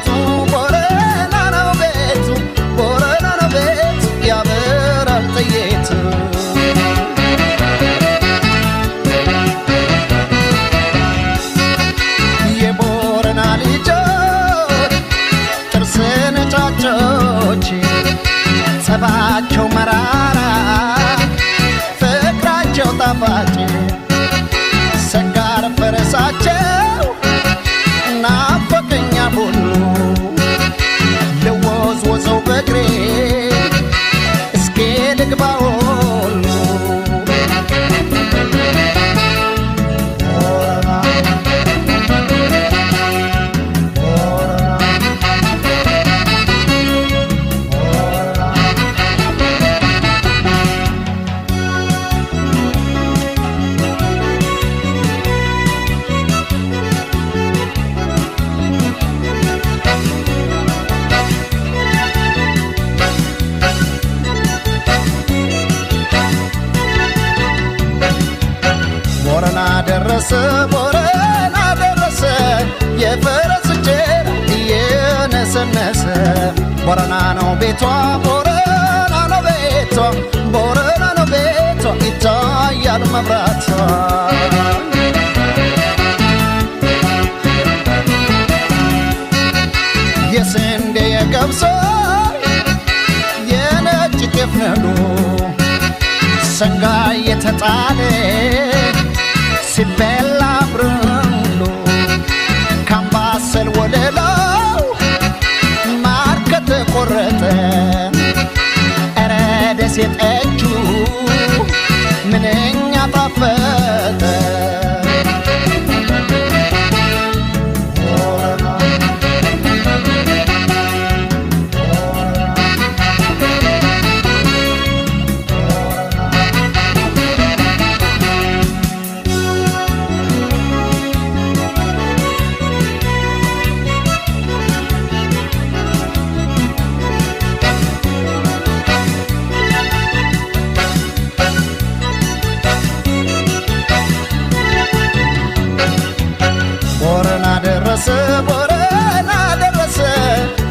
ቤቱ ቦረና ነው ቤቱ ቦረና የቦረና ልጆች ጥርስ ነጫጮች ጸባቸው መራራ ፍቅራቸው ጣፋጭ ደረሰ ቦረና ደረሰ የፈረስ ጭራ እየነሰነሰ ቦረና ነው ቤቷ ቦረና ነው ቤቷ ቦረና ነው ቤቷ ይታያል መብራቷ የስንዴ የገብሶ የነጭ ጤፍ ነዶ ሰንጋ የተጣለ se bella bruna ደረሰ ቦረና ደረሰ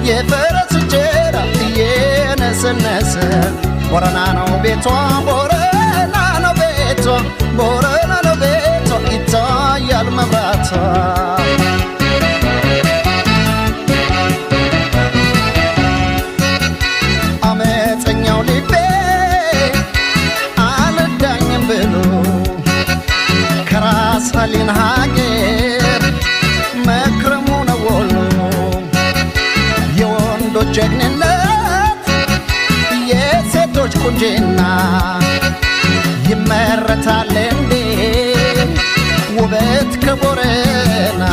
የፈረስ ጀራ እየነሰነሰ ቦረና ነው ቤቷ ቦረና ነው ቤቷ ቦረና ነው ቤቷ ይታያል መብራቷ ሴቶች ቁንጅና ይመረታል እንዴ ውበት ከቦረና